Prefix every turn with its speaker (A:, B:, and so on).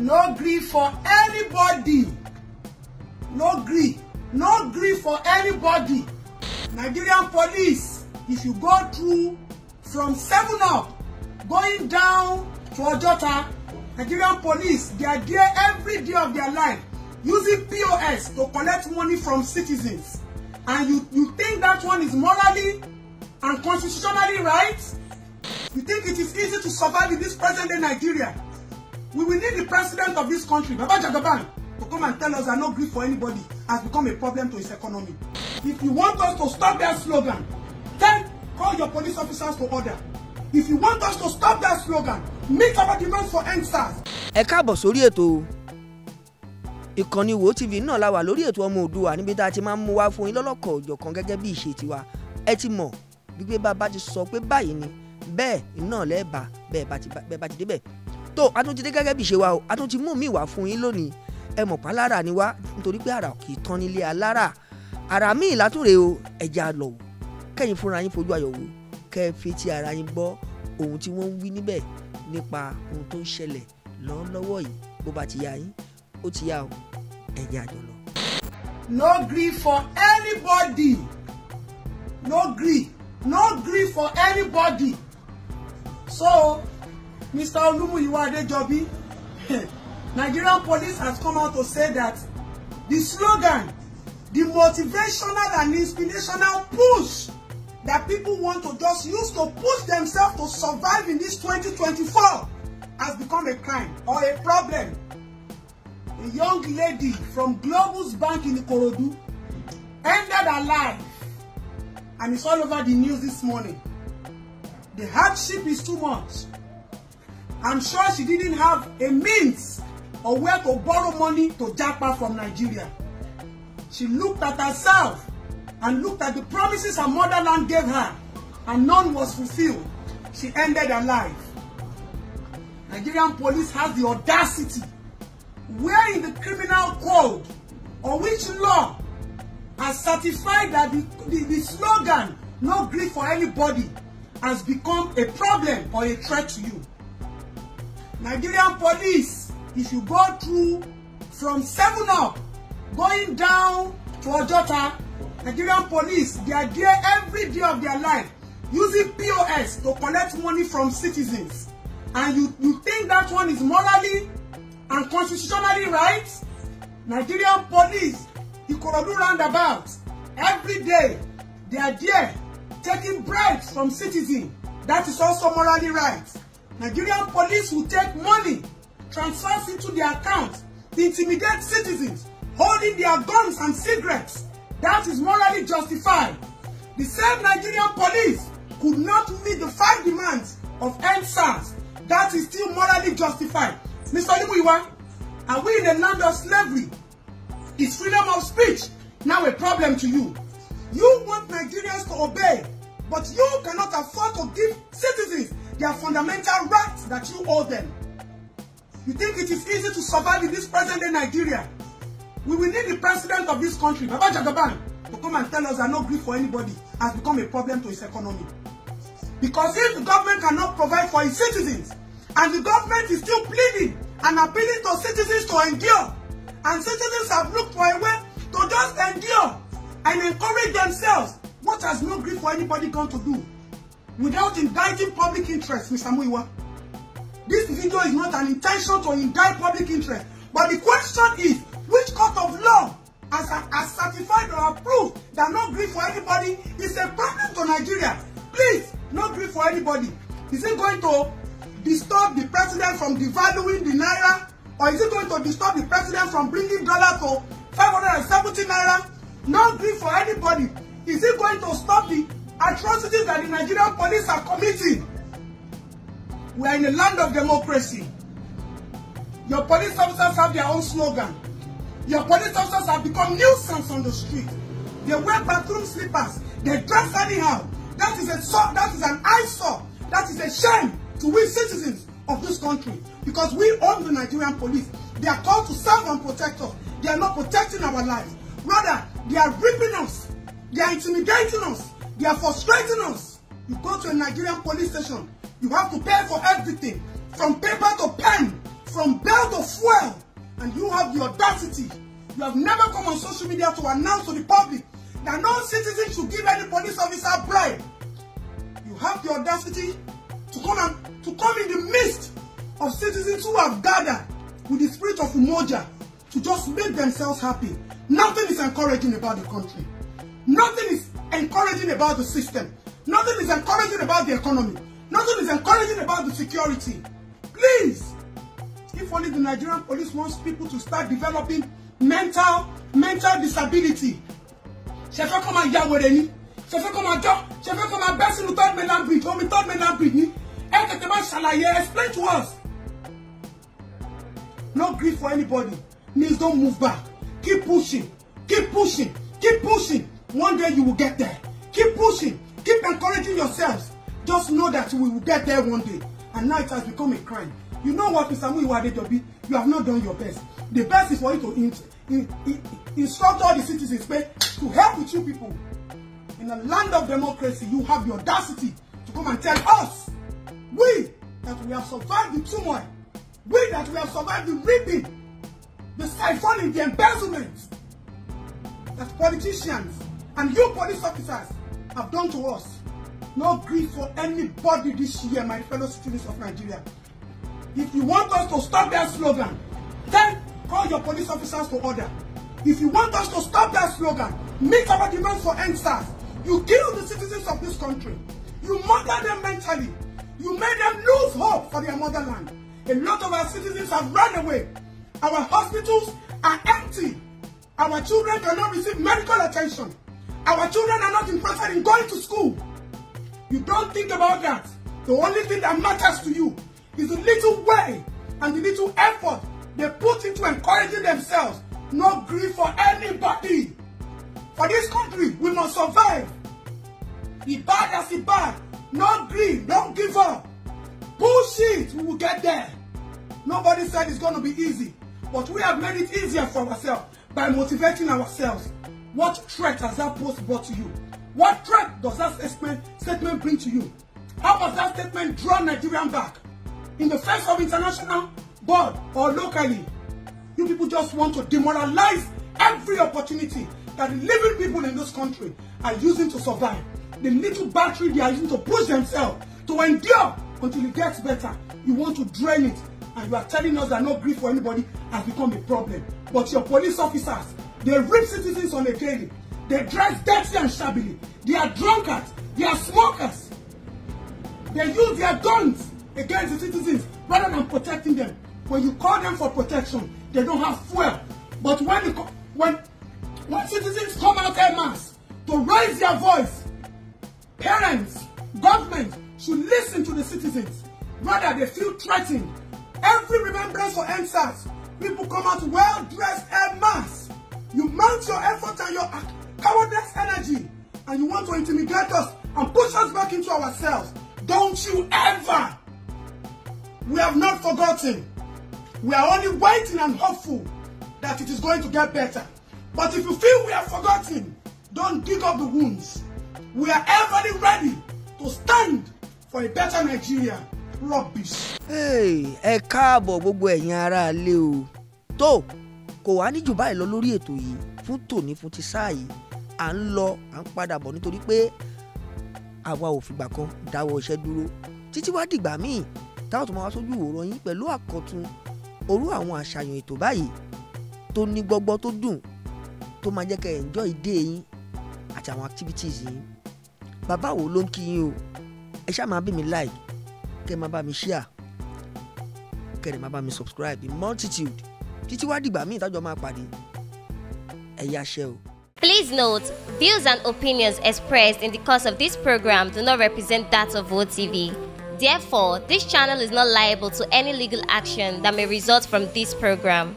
A: no gree for anybody no gree no gree for anybody nigerian police if you go through from seven up going down to ojota nigerian police they are there every day of their life using pos to collect money from citizens and you you think that one is morally and constitutionally right you think it is easy to survive in this present day nigeria we will need the president of this country baba jagaban to come and tell us that no grief for anybody has become a problem to his economy if you want us to stop that slogan then call your police officers to order if you want us to stop that slogan meet our demands for endsars.
B: ẹ káàbọ̀ sórí ètò ìkànnì wo tv náà la wà lórí ètò ọmọ òdùwà níbi tá a ti máa ń mú wá fún yín lọ́lọ́kọ̀ òjọ̀kan gẹ́gẹ́ bí ìṣe tiwa ẹ ti mọ̀ gbígbé bá a bá ti sọ pé báyìí ni bẹ́ẹ̀ náà lẹ́ẹ̀bà bẹ́ẹ̀ bá ti débẹ̀ tó a ti dé gẹ́gẹ́ bí ṣe wa o a ti mú mi wá fún yín lónìí ẹ mọ̀ pa lára ni wá nítorí pé àrà kì í tán nílé alára àrà míì látúre o ẹja lọ o kẹ́yìn fúnra yín fojú ayọ̀ wò kẹ́ ara yín gbọ́ ohun tí wọ́n ń wí níbẹ̀ nípa ohun tó ń ṣẹlẹ̀ lọ́wọ́lọ́wọ́
A: yìí bó bá ti yá yín ó ti yá o ẹja àjọ lọ. no gree for anybody no gree no gree for anybody so. Mr. Olumuyiwa Adejobi, Nigerian police has come out to say that the slogan, the motivational and inspirational push that people want to just use to push themselves to survive in this 2024 has become a crime or a problem. A young lady from Globus Bank in Ikorodu ended her life and it's all over the news this morning. The hardship is too much. I'm sure she didn't have a means or where to borrow money to japa from Nigeria. She looked at herself and looked at the promises her motherland gave her and none was fulfilled. She ended her life. Nigerian police has the audacity where in the criminal code or which law has certified that the, the, the slogan no grief for anybody has become a problem or a threat to you. Nigerian police, if you go through from 7 up, going down to Ojota, Nigerian police, they are there every day of their life using POS to collect money from citizens. And you, you think that one is morally and constitutionally right? Nigerian police, you do roundabout, every day, they are there taking bribes from citizens. That is also morally right. Nigerian police will take money, transfers into their accounts, to intimidate citizens, holding their guns and cigarettes. That is morally justified. The same Nigerian police could not meet the five demands of EndSARS. That is still morally justified. Mr. Limuyiwa, are we in a land of slavery? Is freedom of speech now a problem to you? You want Nigerians to obey, but you cannot afford to give citizens their fundamental rights that you owe them. You think it is easy to survive in this present day Nigeria? We will need the president of this country, Baba Jagaban, to come and tell us that no grief for anybody has become a problem to his economy. Because if the government cannot provide for its citizens, and the government is still pleading and appealing to citizens to endure, and citizens have looked for a way to just endure and encourage themselves, what has no grief for anybody going to do? without indicting public interest, Mr. Muiwa. This video is not an intention to indict public interest. But the question is, which court of law has, has certified or approved that no grief for anybody is a problem to Nigeria? Please, no grief for anybody. Is it going to disturb the president from devaluing the naira? Or is it going to disturb the president from bringing dollar to 570 naira? No grief for anybody. Is it going to stop the atrocities that the Nigerian police are committing. We are in a land of democracy. Your police officers have their own slogan. Your police officers have become nuisance on the street. They wear bathroom slippers. They dress anyhow. That is a that is an eyesore. That is a shame to we citizens of this country because we own the Nigerian police. They are called to serve and protect us. They are not protecting our lives. Rather, they are ripping us. They are intimidating us. They are frustrating us. You go to a Nigerian police station, you have to pay for everything, from paper to pen, from bell to fuel, and you have the audacity. You have never come on social media to announce to the public that no citizen should give any police officer a bribe. You have the audacity to come and to come in the midst of citizens who have gathered with the spirit of umoja to just make themselves happy. Nothing is encouraging about the country. Nothing is encouraging about the system. Nothing is encouraging about the economy. Nothing is encouraging about the security. Please, if only the Nigerian police wants people to start developing mental mental disability. Ṣé fẹ́ kọ́ máa ya wèrè ni? Ṣé fẹ́ kọ́ máa jọ́? Ṣé fẹ́ kọ́ máa bẹ́ sínú third mainland bridge? Omi third mainland bridge explain to us. No grief for anybody. Please don't move back. Keep pushing. Keep pushing. Keep pushing. One day you will get there. Keep pushing. Keep encouraging yourselves. Just know that we will get there one day. And now it has become a crime. You know what, Mr. Muyiwa Adejobi? You have not done your best. The best is for you to in, in, in, instruct all the citizens to help with you people. In a land of democracy, you have the audacity to come and tell us, we, that we have survived the turmoil, we that we have survived the ripping, the siphoning, the embezzlement, that politicians and you police officers have done to us. No grief for anybody this year, my fellow citizens of Nigeria. If you want us to stop that slogan, then call your police officers to order. If you want us to stop that slogan, meet our demands for answers. You kill the citizens of this country. You murder them mentally. You made them lose hope for their motherland. A lot of our citizens have run away. Our hospitals are empty. Our children cannot receive medical attention. Our children are not interested in going to school. You don't think about that. The only thing that matters to you is the little way and the little effort they put into encouraging themselves. No grief for anybody. For this country, we must survive. Be bad as it bad. No grief. Don't give up. Bullshit. We will get there. Nobody said it's going to be easy. But we have made it easier for ourselves by motivating ourselves. What threat has that post brought to you? What threat does that statement statement bring to you? How does that statement draw Nigerian back? In the face of international, board, or locally, you people just want to demoralize every opportunity that living people in this country are using to survive. The little battery they are using to push themselves, to endure until it gets better. You want to drain it, and you are telling us that no grief for anybody has become a problem. But your police officers They rip citizens on a daily. They dress dirty and shabbily. They are drunkards. They are smokers. They use their guns against the citizens rather than protecting them. When you call them for protection, they don't have fuel. But when the, when when citizens come out en mass to raise their voice, parents, government should listen to the citizens. Rather, they feel threatened. Every remembrance for answers, people come out well dressed en masse. You mount your effort and your cowardice energy, and you want to intimidate us and push us back into ourselves. Don't you ever! We have not forgotten. We are only waiting and hopeful that it is going to get better. But if you feel we have forgotten, don't dig up the wounds. We are everly ready to stand for a better Nigeria. Rubbish. Hey, a káàbọ̀ gbogbo ẹ̀yin aráalé
B: o. Tó kò wá ní jù báyìí lọ lórí ètò yìí fún tòní fún ti sáà yìí à ń lọ à ń padà bọ̀ nítorí pé àwa ò fìgbà kan dáwọ́ iṣẹ́ dúró títí wá dìgbà míì táwọn tó máa wá sójú ìwòran yín pẹ̀lú àkọ́tun orú àwọn àṣàyàn ètò báyìí tó ní gbọ́gbọ́ tó dùn tó máa jẹ́ kẹ́ ẹ̀ enjoy day yín àti àwọn activities yín bàbá wo ló ń kí yín o ẹ ṣáà máa bí mi like kẹ́ ẹ máa bá mi share kẹ́ ẹ máa bá mi subscribe the multitude títí wá dìgbà míì tájọ máa pàdé ẹ o. Please note, views and opinions expressed in the course of this program do not represent that of OTV. Therefore, this channel is not liable to any legal action that may result from this program.